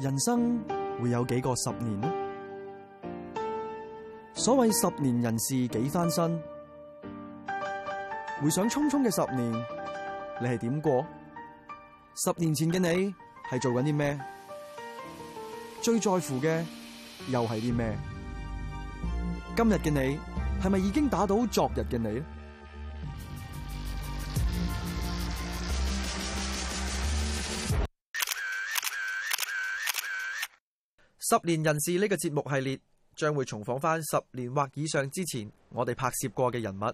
人生會有幾個十年呢？所謂十年人事幾翻身，回想匆匆嘅十年，你係點過？十年前嘅你係做緊啲咩？最在乎嘅又係啲咩？今日嘅你係咪已經打倒昨日嘅你呢？十年人事呢個節目系列將會重訪翻十年或以上之前我哋拍攝過嘅人物，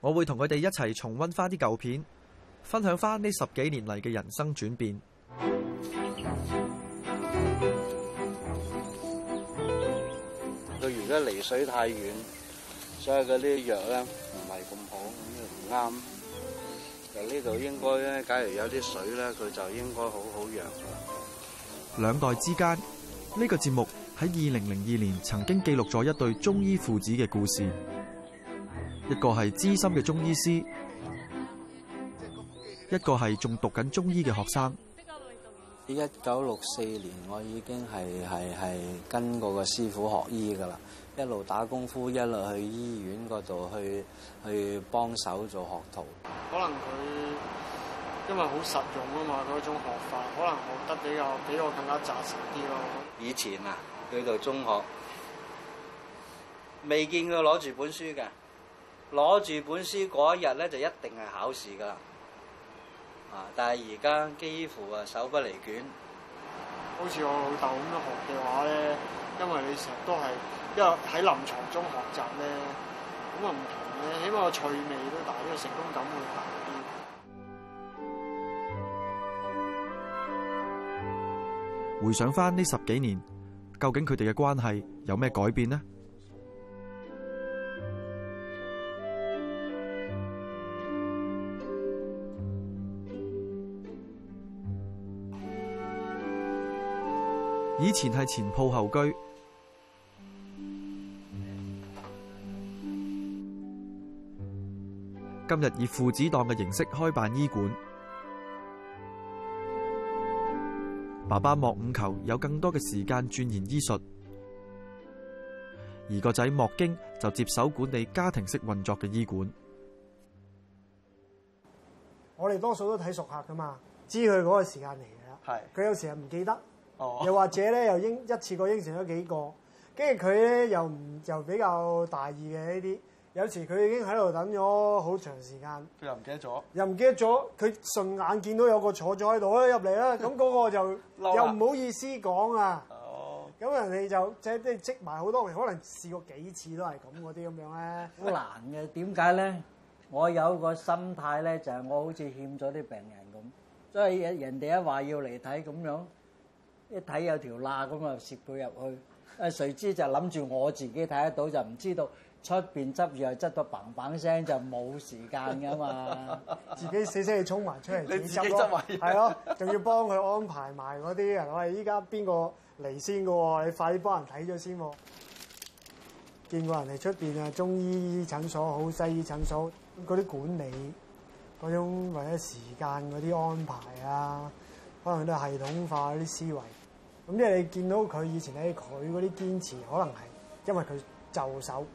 我會同佢哋一齊重溫翻啲舊片，分享翻呢十幾年嚟嘅人生轉變。佢而家離水太遠，所以嗰啲藥咧唔係咁好，唔啱。呢度應該咧，假如有啲水咧，佢就應該好好養。兩代之間。呢、這個節目喺二零零二年曾經記錄咗一對中醫父子嘅故事，一個係資深嘅中醫師，一個係仲讀緊中醫嘅學生。一九六四年，我已經係係係跟過個師傅學醫噶啦，一路打功夫，一路去醫院嗰度去去幫手做學徒。可能佢。因為好實用啊嘛，嗰種學法可能學得比較比我更加紮實啲咯。以前啊，去到中學未見佢攞住本書嘅，攞住本書嗰一日咧就一定係考試噶啦。啊！但係而家幾乎啊手不離卷。好似我老豆咁樣學嘅話咧，因為你成日都係因為喺臨牀中學習咧，咁啊唔同咧，起碼趣味都大，因為成功感會大。回想翻呢十幾年，究竟佢哋嘅關係有咩改變呢？以前係前鋪後居，今日以父子檔嘅形式開辦醫館。爸爸莫伍球有更多嘅時間鑽研醫術，而個仔莫京就接手管理家庭式運作嘅醫館。我哋多數都睇熟客噶嘛，知佢嗰個時間嚟嘅。係佢有時又唔記得，又或者咧又應一次過應承咗幾個，跟住佢咧又唔又比較大意嘅呢啲。有時佢已經喺度等咗好長時間，佢又唔記得咗，又唔記得咗。佢順眼見到有個坐咗喺度咧入嚟咧，咁嗰個就又唔好意思講啊。哦，咁人哋就即係都積埋好多，可能試過幾次都係咁嗰啲咁樣咧。好難嘅，點解咧？我有個心態咧，就係我好似欠咗啲病人咁，所以人哋一話要嚟睇咁樣，一睇有條罅咁啊，我攝到入去。誒，誰知就諗住我自己睇得到，就唔知道。出邊執藥執到砰砰聲，就冇時間㗎嘛！自己死死哋衝埋出嚟，你自己執埋係咯，仲要幫佢安排埋嗰啲人。我哋依家邊個嚟先㗎？你快啲幫人睇咗先。見過人哋出邊啊？中醫診所好，好西醫診所嗰啲管理嗰種或者時間嗰啲安排啊，可能都係系統化嗰啲思維。咁因為你見到佢以前咧，佢嗰啲堅持可能係因為佢就手。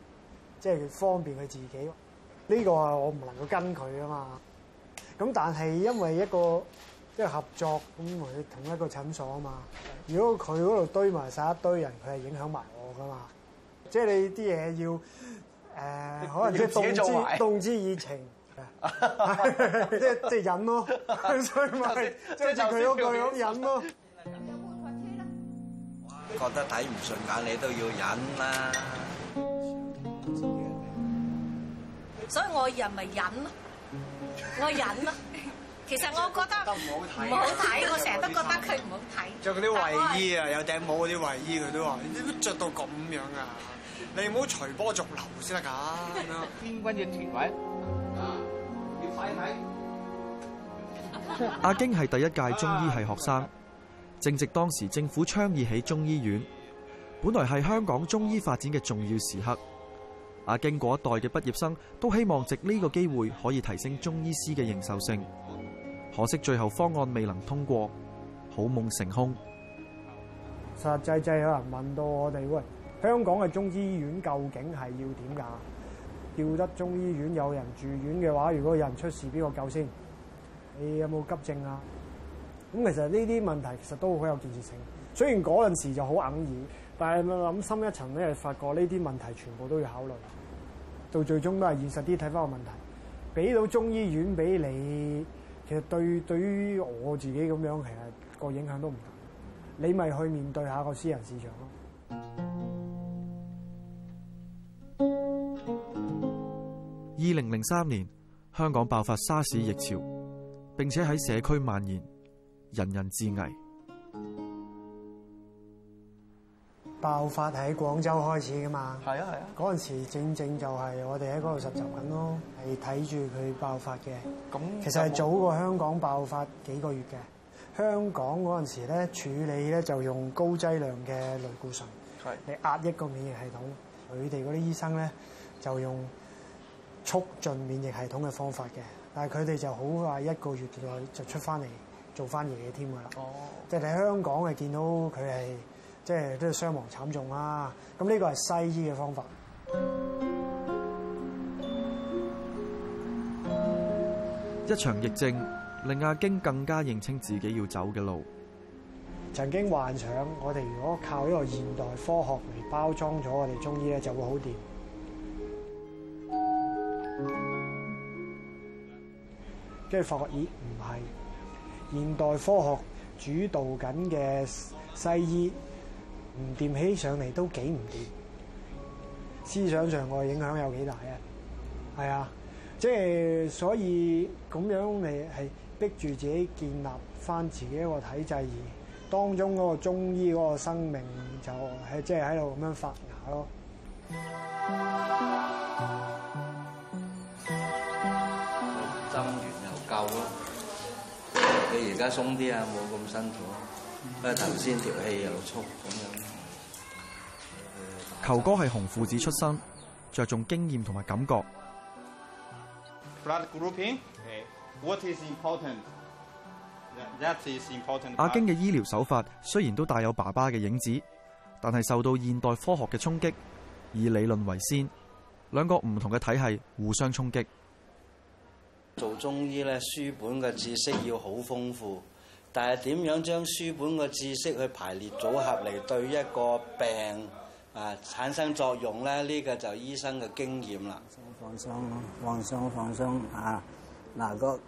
即係佢方便佢自己，呢個我唔能夠跟佢啊嘛。咁但係因為一個即係合作，咁佢同一個診所啊嘛。如果佢嗰度堆埋晒一堆人，佢係影響埋我㗎嘛。即係你啲嘢要誒、呃，可能即係動之以情，即係即係忍咯。 所以咪即係就佢一句咁忍咯。覺得睇唔順眼你都要忍啦。所以我人咪忍咯，我忍咯。其實我覺得唔好睇，唔 好睇。我成日都覺得佢唔好睇。着嗰啲衞衣啊，有頂帽嗰啲衞衣，佢都話：你都着到咁樣啊！你唔好隨波逐流先得㗎。邊軍嘅團體？要睇睇。阿京係第一屆中醫系學生，正值當時政府倡議起中醫院，本來係香港中醫發展嘅重要時刻。阿京嗰一代嘅畢業生都希望藉呢個機會可以提升中醫師嘅認受性，可惜最後方案未能通過，好夢成空。實際際啊，有人問到我哋，喂，香港嘅中醫院究竟係要點噶？叫得中醫院有人住院嘅話，如果有人出事，邊個救先？你有冇急症啊？咁其實呢啲問題其實都好有建設性。雖然嗰陣時候就好哽耳，但係諗深一層咧，發覺呢啲問題全部都要考慮。到最終都係現實啲睇翻個問題，俾到中醫院俾你，其實對對於我自己咁樣，其實個影響都唔大。你咪去面對下個私人市場咯。二零零三年，香港爆發沙士疫潮，並且喺社區蔓延，人人自危。爆發喺廣州開始噶嘛？係啊係啊！嗰陣時正正就係我哋喺嗰度實習緊咯，係睇住佢爆發嘅。咁其實係早過香港爆發幾個月嘅。香港嗰陣時咧處理咧就用高劑量嘅類固醇，係嚟壓抑個免疫系統。佢哋嗰啲醫生咧就用促進免疫系統嘅方法嘅，但係佢哋就好快一個月內就出翻嚟做翻嘢添㗎啦。哦，即係喺香港係見到佢係。即係都係傷亡慘重啦。咁呢個係西醫嘅方法。一場疫症令阿京更加認清自己要走嘅路。曾經幻想我哋如果靠呢個現代科學嚟包裝咗我哋中醫咧，就會好掂。跟住發覺咦，唔係現代科學主導緊嘅西醫。唔掂起上嚟都幾唔掂，思想上個影響有幾大啊？係啊，即係所以咁樣嚟係逼住自己建立翻自己一個體制，而當中嗰個中醫嗰個生命就係即係喺度咁樣發芽咯。針完又夠咯，你而家鬆啲啊，冇咁辛苦。誒，頭先條氣又粗咁樣，嗯。球哥係紅褲子出身，着重經驗同埋感覺。What is important? That is important. 阿京嘅醫療手法雖然都帶有爸爸嘅影子，但係受到現代科學嘅衝擊，以理論為先。兩個唔同嘅體系互相衝擊。做中醫咧，書本嘅知識要好豐富。但係點樣將書本嘅知識去排列組合嚟對一個病啊產生作用咧？呢個就係醫生嘅經驗啦。放鬆，放鬆，放鬆啊！嗱個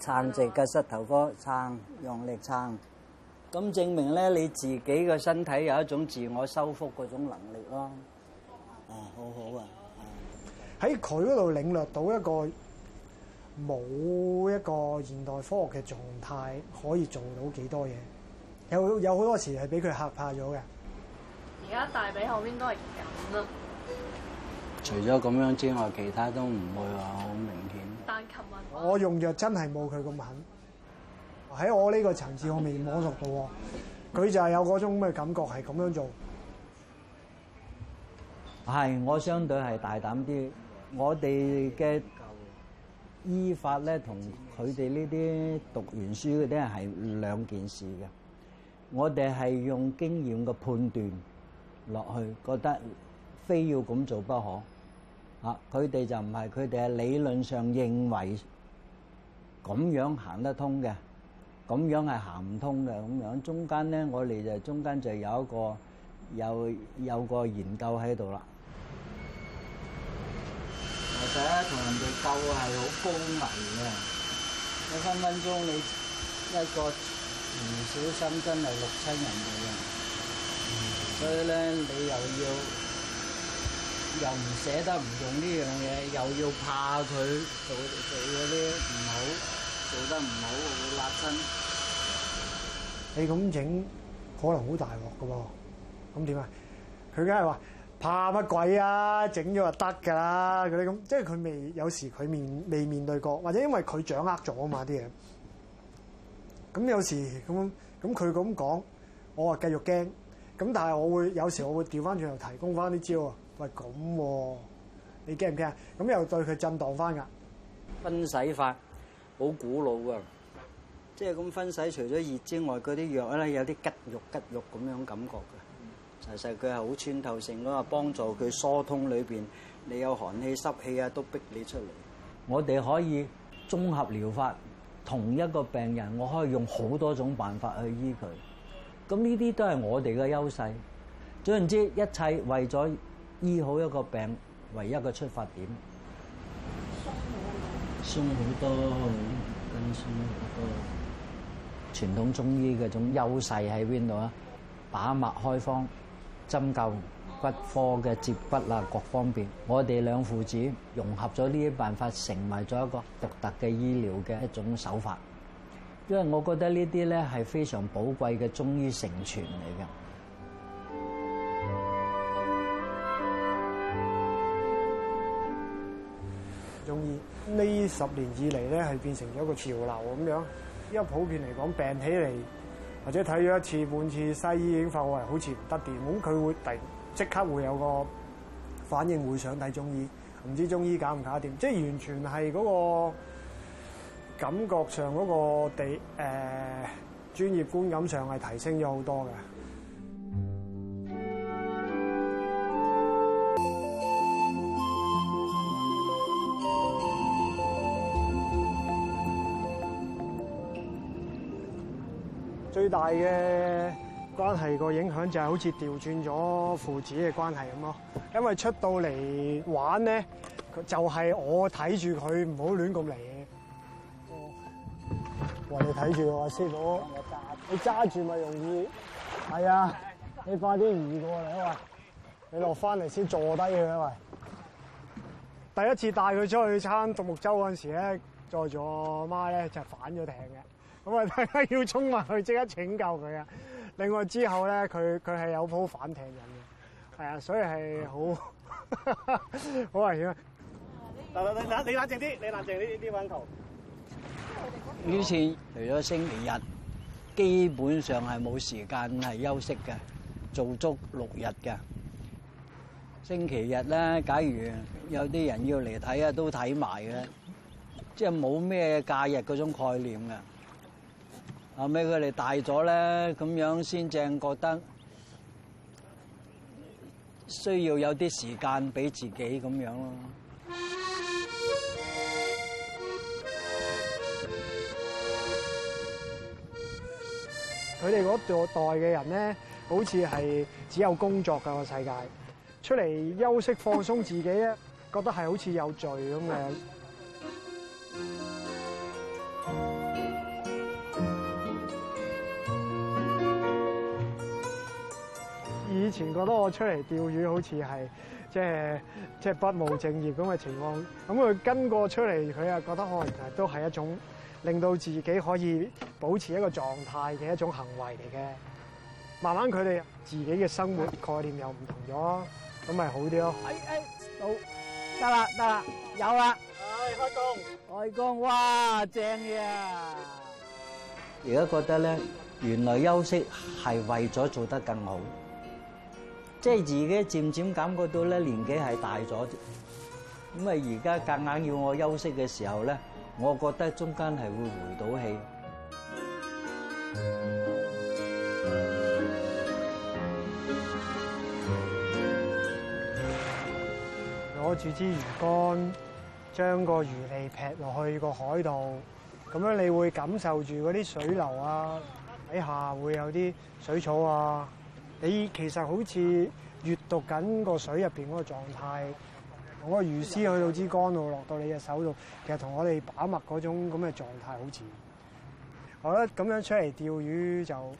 撐直嘅膝頭哥撐，用力撐，咁證明咧你自己個身體有一種自我修復嗰種能力咯啊。啊，好好啊！喺佢嗰度領略到一個。冇一個現代科學嘅狀態可以做到幾多嘢，有有好多時係俾佢嚇怕咗嘅。而家大髀後邊都係咁啦。除咗咁樣之外，其他都唔會話好明顯。但琴日，我用藥真係冇佢咁狠，喺我呢個層次我未摸熟到喎。佢就係有嗰種咁感覺係咁樣做。係，我相對係大膽啲。我哋嘅。依法咧，同佢哋呢啲讀完書啲人係兩件事嘅。我哋係用經驗嘅判斷落去，覺得非要咁做不可。吓，佢哋就唔係，佢哋係理論上認為咁樣行得通嘅，咁樣係行唔通嘅。咁樣中間咧，我哋就中間就有一個有有個研究喺度啦。第一同人哋鬥係好高危嘅，你分分鐘你一個唔小心真係六親人死啊！所以咧，你又要又唔捨得唔用呢樣嘢，又要怕佢做做嗰啲唔好，做得唔好會勒親，你咁整可能好大鑊㗎喎，咁點啊？佢梗係話。怕乜鬼啊？整咗就得㗎啦！嗰啲咁，即係佢未有時佢面未面對過，或者因為佢掌握咗啊嘛啲嘢。咁有時咁咁佢咁講，我話繼續驚。咁但係我會有時我會調翻轉頭提供翻啲招啊！喂，咁你驚唔驚？咁又對佢震盪翻㗎？分洗法好古老㗎，即係咁分洗除咗熱之外，嗰啲藥咧有啲拮肉拮肉咁樣感覺。其實佢係好穿透性，咁啊幫助佢疏通裏邊，你有寒氣、濕氣啊，都逼你出嚟。我哋可以綜合療法，同一個病人，我可以用好多種辦法去醫佢。咁呢啲都係我哋嘅優勢。總言之，一切為咗醫好一個病，唯一嘅出發點。鬆好多，鬆好多，跟鬆好多。傳統中醫嘅種優勢喺邊度啊？把脈開方。針灸骨科嘅接骨啊，各方面我哋兩父子融合咗呢啲辦法，成為咗一個獨特嘅醫療嘅一種手法。因為我覺得呢啲咧係非常寶貴嘅中醫成傳嚟嘅。中醫呢十年以嚟咧係變成咗一個潮流咁樣，因為普遍嚟講，病起嚟。或者睇咗一次半次西醫，已經發覺好似唔得掂，咁佢會第即刻會有個反應，會想睇中醫。唔知中醫搞唔搞掂，即係完全係嗰個感覺上嗰個地誒、呃、專業觀感上係提升咗好多㗎。大嘅關係個影響就係好似調轉咗父子嘅關係咁咯，因為出到嚟玩咧，佢就係我睇住佢唔好亂咁嚟。嘅哦哇！你睇住喎，師傅，你揸住咪容易。係、哎、啊，你快啲移過嚟，喂，你落翻嚟先坐低佢，喂，第一次帶佢出去撐獨木舟嗰陣時咧，載住我媽咧就反咗艇嘅。咁啊！大家要衝埋去，即刻拯救佢啊！另外之後咧，佢佢係有鋪反艇人嘅，係啊，所以係好好危險啊！嗱嗱，你你冷靜啲，你冷靜啲啲伍球。呢次除咗星期日，基本上係冇時間係休息嘅，做足六日嘅。星期日咧，假如有啲人要嚟睇啊，都睇埋嘅，即係冇咩假日嗰種概念嘅。後尾佢哋大咗咧，咁樣先正覺得需要有啲時間俾自己咁樣咯。佢哋嗰代嘅人咧，好似係只有工作㗎個世界，出嚟休息放鬆自己咧，覺得係好似有罪咁嘅。以前覺得我出嚟釣魚好似係即係即係不務正業咁嘅情況，咁佢跟過出嚟，佢又覺得可能係都係一種令到自己可以保持一個狀態嘅一種行為嚟嘅。慢慢佢哋自己嘅生活概念又唔同咗，咁咪好啲咯。哎哎，到得啦得啦，有啦，哎開工，開工，哇正嘅。而家覺得咧，原來休息係為咗做得更好。即係自己漸漸感覺到咧，年紀係大咗啲，咁啊而家夾硬要我休息嘅時候咧，我覺得中間係會回到氣。攞住支魚竿，將個魚脷劈落去個海度，咁樣你會感受住嗰啲水流啊，底下會有啲水草啊。你其實好似閱讀緊個水入面嗰個狀態，同個魚絲去到支竿度落到你嘅手度，其實同我哋把脈嗰種咁嘅狀態好似。我覺得咁樣出嚟釣魚就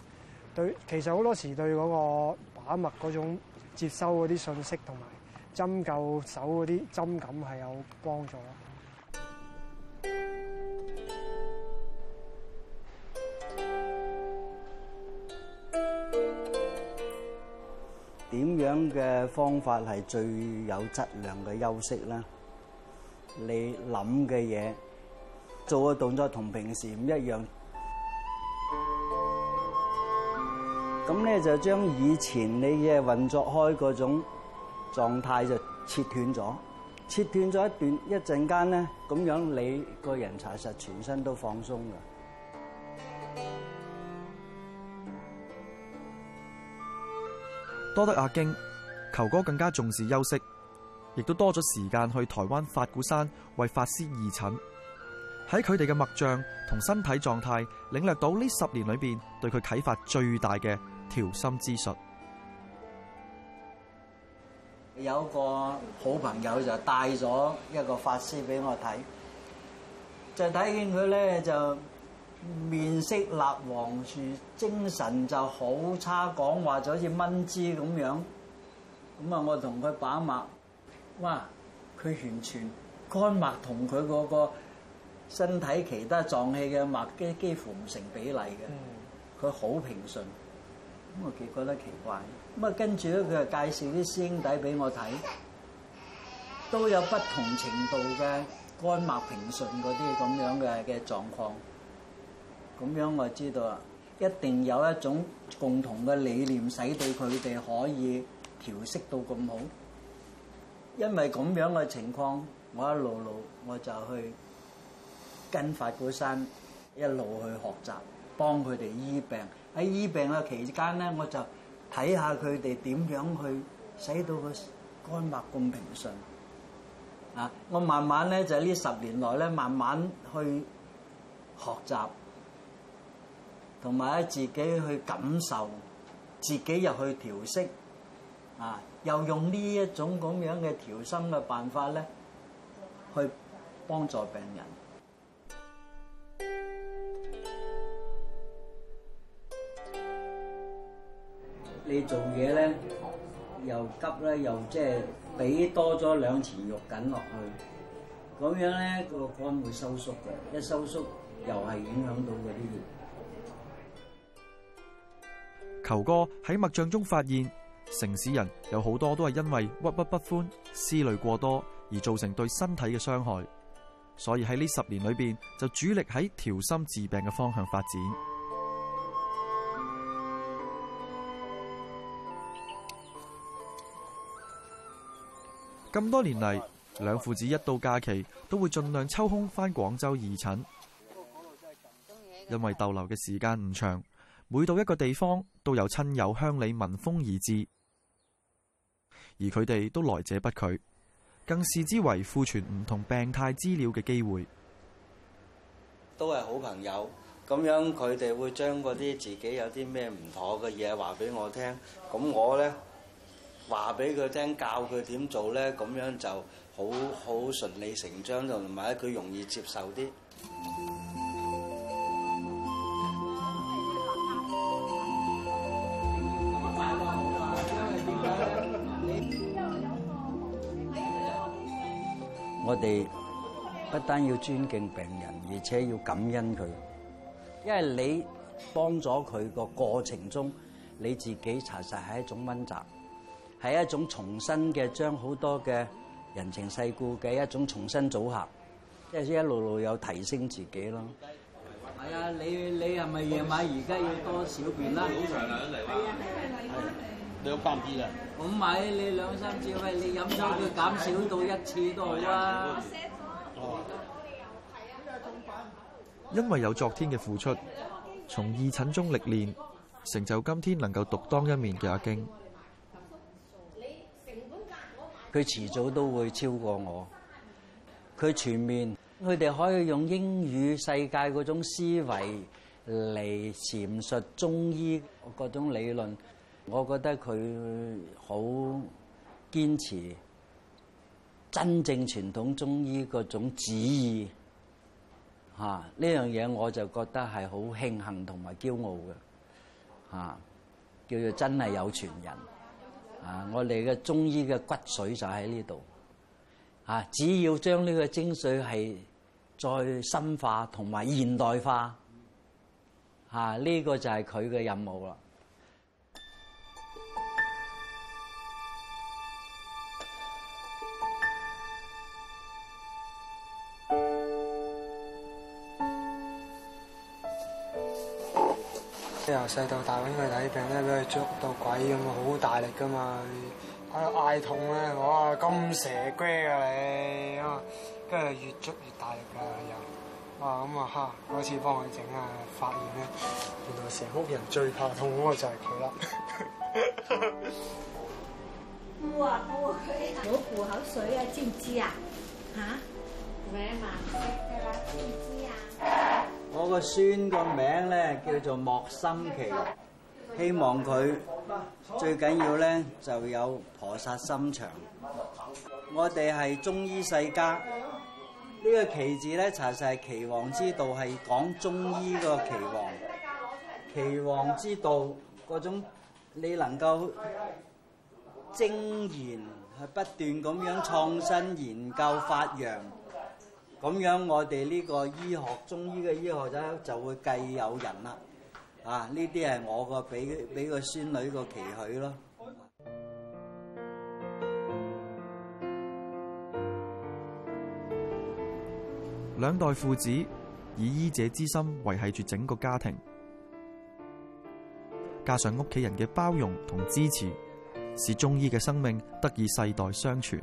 對，其實好多時對嗰個把脈嗰種接收嗰啲信息同埋針灸手嗰啲針感係有幫助。點樣嘅方法係最有質量嘅休息呢？你諗嘅嘢，做嘅動作同平時唔一樣。咁咧就將以前你嘅運作開嗰種狀態就切斷咗，切斷咗一段一陣間咧，咁樣你個人查實全身都放鬆㗎。多得阿京，球哥更加重視休息，亦都多咗時間去台灣法鼓山為法師義診。喺佢哋嘅脈象同身體狀態，領略到呢十年裏邊對佢啟發最大嘅調心之術。有個好朋友就帶咗一個法師俾我睇，就睇見佢咧就。面色蠟黃住，精神就好差，講話就好似蚊子咁樣。咁啊，我同佢把脈，哇！佢完全肝脈同佢嗰個身體其他臟器嘅脈幾幾乎唔成比例嘅。佢好平順，咁我幾覺得奇怪。咁啊，跟住咧佢就介紹啲師兄弟俾我睇，都有不同程度嘅肝脈平順嗰啲咁樣嘅嘅狀況。咁樣我知道啦，一定有一種共同嘅理念，使到佢哋可以調適到咁好。因為咁樣嘅情況，我一路路我就去跟法鼓山一路去學習，幫佢哋醫病。喺醫病嘅期間咧，我就睇下佢哋點樣去使到個肝脈咁平順。啊，我慢慢咧就喺呢十年內咧，慢慢去學習。同埋咧，自己去感受，自己又去調息，啊，又用呢一種咁樣嘅調心嘅辦法咧，去幫助病人。你做嘢咧又急咧，又即係俾多咗兩錢肉緊落去，咁樣咧個肝會收縮嘅，一收縮又係影響到嗰啲嘢。球哥喺脈象中發現，城市人有好多都係因為鬱鬱不不歡、思慮過多而造成對身體嘅傷害，所以喺呢十年裏邊就主力喺調心治病嘅方向發展。咁多年嚟，兩父子一到假期都會盡量抽空返廣州義診，因為逗留嘅時間唔長。每到一個地方，都有親友鄉里聞風而至，而佢哋都來者不拒，更視之為庫存唔同病態資料嘅機會。都係好朋友，咁樣佢哋會將嗰啲自己有啲咩唔妥嘅嘢話俾我聽，咁我呢話俾佢聽，教佢點做呢？咁樣就好好順理成章，就同埋佢容易接受啲。我哋不單要尊敬病人，而且要感恩佢，因為你幫咗佢個過程中，你自己查實係一種温習，係一種重新嘅將好多嘅人情世故嘅一種重新組合，即係一路路有提升自己咯。係啊，你你係咪夜晚而家要多少遍啦？好長兩嚟兩三次啦，咁咪你兩三次，喂，你飲咗佢減少到一次都好啊！因為有昨天嘅付出，從義診中歷練，成就今天能夠獨當一面嘅阿京。佢遲早都會超過我。佢全面，佢哋可以用英語世界嗰種思維嚟闡述中醫嗰種理論。我覺得佢好堅持真正傳統中醫嗰種旨意，吓呢樣嘢我就覺得係好慶幸同埋驕傲嘅，吓叫做真係有傳人，啊我哋嘅中醫嘅骨髓就喺呢度，啊只要將呢個精髓係再深化同埋現代化，吓呢個就係佢嘅任務啦。由細到大搵佢睇病咧，俾佢捉到鬼咁好大力噶嘛，嗌痛咧，哇，咁蛇龜啊你啊，跟、嗯、住越捉越大力啊又、嗯，哇咁、嗯、啊吓，嗰次幫佢整啊，發現咧，原來成屋人最怕痛嗰個就係佢啦。哇，好多口水知知啊，知唔知啊？吓？喂嘛？得啦，知唔知啊？我個孫個名咧叫做莫心奇，希望佢最緊要咧就有菩薩心腸。我哋係中醫世家，呢個奇字咧查實係岐黃之道，係講中醫個岐黃。岐黃之道嗰種你能夠精研，係不斷咁樣創新研究發揚。咁樣我哋呢個醫學中醫嘅醫學者就會繼有人啦。啊！呢啲係我個俾俾個孫女個期許咯。兩代父子以醫者之心維繫住整個家庭，加上屋企人嘅包容同支持，使中醫嘅生命得以世代相傳。